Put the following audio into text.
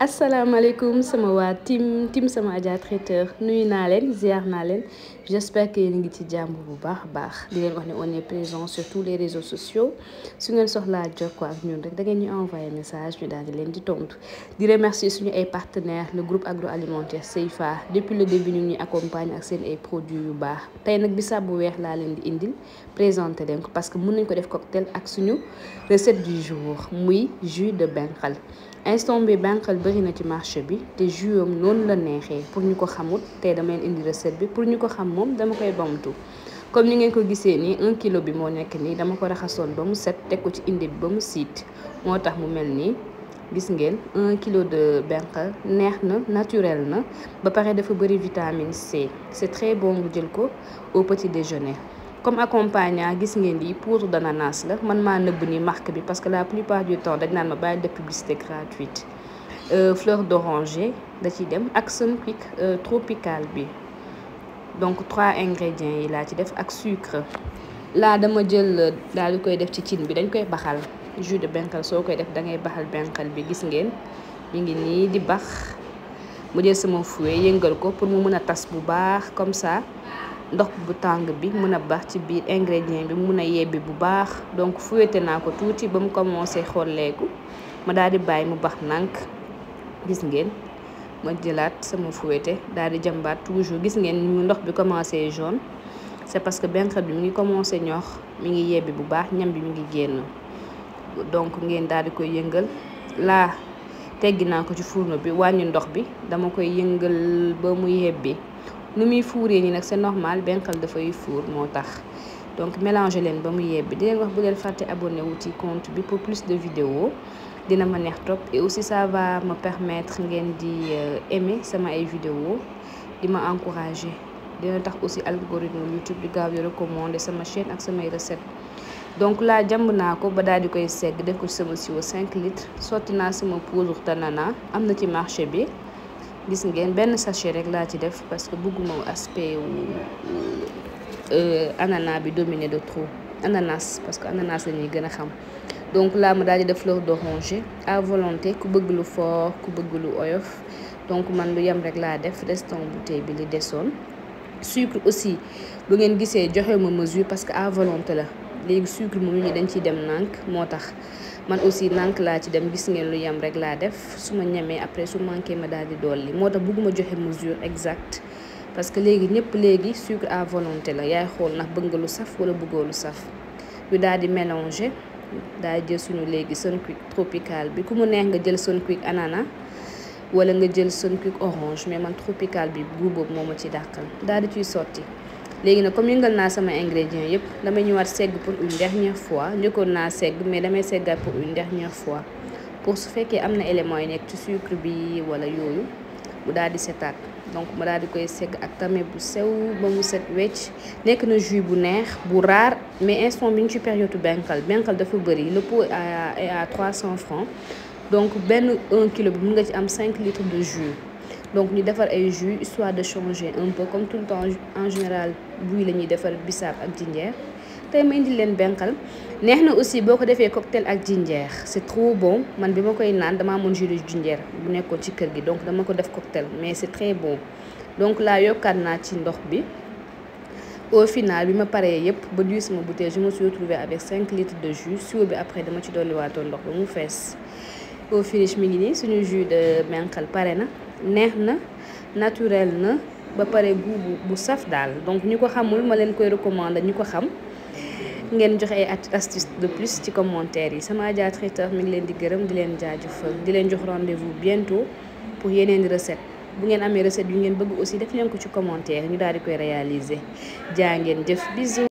asalaamaaleykum sama wa tim tim sama Adja Traiteur Nuy na len, ziar na len. j'espère que yéen ngi ci jàmm bu baax baax di len wax ni on est présent sur tous les réseaux sociaux su ngeen soxlaa jokkoo ak ñun rek da ngeen ñu envoyer message ñu dal di len di tontu di remercier suñu ay partenaires le groupe agroalimentaire Seifa depuis le début ñu ñi accompagne ak seen ay produits yu baax tey nag bisaab bu wex la présente di indil présenter len parce que mën nañ ko def cocktail ak suñu recette du jour muy jus de benqal instant bi benqal bëri na ci marché bi te jus am noonu la neexee pour ñu ko xamut te dama leen indi recette bi pour ñu ko xam moom dama koy bamtu comme ni ngeen ko gisee nii un kilo bi moo nekk nii dama ko raxasoon ba mu set teg ko ci indi bi ba mu siit moo tax mu mel nii gis ngeen un kilo de benq neex na naturel na ba pare dafa bëri vitamine C c'est très bon bu jël ko au petit déjeuner comme accompagnant gis ngeen lii poudre d'ananas la man maa nëbb ni marque bi parce que la plupart du temps dañ naan ma bàyyi de publicité gratuite euh, fleur d'oranger da ci dem ak sun euh, tropical bi donc trois ingrédients yi laa ci def ak sucre la dama jël dal dikoy def ci cin bi dañ koy baxal jus de benkal so koy def da ngay baxal benkal bi gis ngeen mi ngi ni di bax mu jël sama fouet yëngal ko pour mu mën a tas bu baax comme ça ndox bu tàng bi mën a baax ci biir ingrédient bi mu mën a yebbi bu baax donc fouetté naa ko tuuti ba mu commencé xolleeku ma daal di bàyyi mu bax nank gis ngeen ma jëlaat sama fouetté daal di toujours mu ndox bi commencé jaune c'est parce que bi mu ngi commencé ñoox mi ngi yebbi bu baax ñam bi mi ngi génn donc ngeen daal di koy yëngal laa teggi ko ci fourneau bi wàññi ndox bi dama koy yëngal ba mu normal donc mélangé leen ba mu yebbi di leen wax bu leen fàtte abonné wu compte bi pour plus de vidéos dina ma neex et aussi ça va me permettre ngeen di euh, aimer sama ay vidéos di ma encourager dina tax aussi algorithme YouTube di gaaw di recommander sama chaîne ak samay recettes donc là, jàmb ko ba dal dikoy koy def ko sama siwo 5 litres soti na sama poudre tanana amna ci marché bi gis ngeen benn sachet rek laa ci def parce que bëgguma aspect wu euh, ananas bi dominé de trop ananas parce que ananas la ñuy gën a xam donc laa ma daal di def fleur d'orange à volonté ku bëgg lu fort ku bëgg lu oyof donc man lu yam rek laa def restant bouteille bi li desoon sucre aussi lu ngeen gisee joxe ma mesure parce que à volonté la léegi sucre moom ñi dañ ciy dem nànk moo man aussi nank la ci dem gis ngeen lu yam rek la def suma ma ñamee après su manqué ma daal di dolli moo bëgguma joxe mesure exact parce que légui ñep légui sucre à volonté la yaay xol nak bëng lu saf wala bëggoo lu saf ñu daal di mélanger daal jël suñu léegi sunquick tropical bi kumu neex nga jël quick anana wala nga jël quick orange mais man tropical bi goût boobu moma ci dàqal daal di ciy sotti léegi nag comme yëngal naa sama ingrédient yëpp damay ñëwaat segg pour une dernière fois njëkkoon naa segg mais damay seggaat pour une dernière fois pour su fekkee am na élément yi nekk ci sucre bi wala yooyu mu daal di setaat donc mu daal di koy segg ak tamit bu sew ba mu set wecc nekk na jus bu neex bu raar mais instant bi ñu ci période benkal benkal dafa bëri le pot est à 300 francs donc benn 1 kilo bi mun nga ci am 5 litres de jus donc ñu faire ay jus histoire de changer un peu comme tout le temps en général nous lañuy ñuy bisap avec ak jinjeer tay ma indi len benkal neex aussi boko défé cocktail ak Dindier, c'est trop bon man bima koy un dama mon jus de Dindier bu ne ci kër gi donc dama ko def cocktail mais c'est très bon donc la yokkaat na ci ndox bi au final ba bouteille je me suis retrouvée avec 5 litres de jus Après, bi après dama ci avec ndox litres mu jus. au finish mi ngi avec suñu jus de benqal pare neex na naturel na ba paré guubu bu saf dal donc ñuko xamul ma leen koy recommander ñuko xam ngeen joxe astuce de plus ci commentaire yi sama Adja Traiteur mi ngi leen di gërëm di leen jaajëfal di leen jox rendez-vous bientôt pour yeneen recette bu ngeen amé recette yu ngeen bëgg aussi def leen ko ci commentaire ñu dal di koy réaliser jaa ngeen def bisous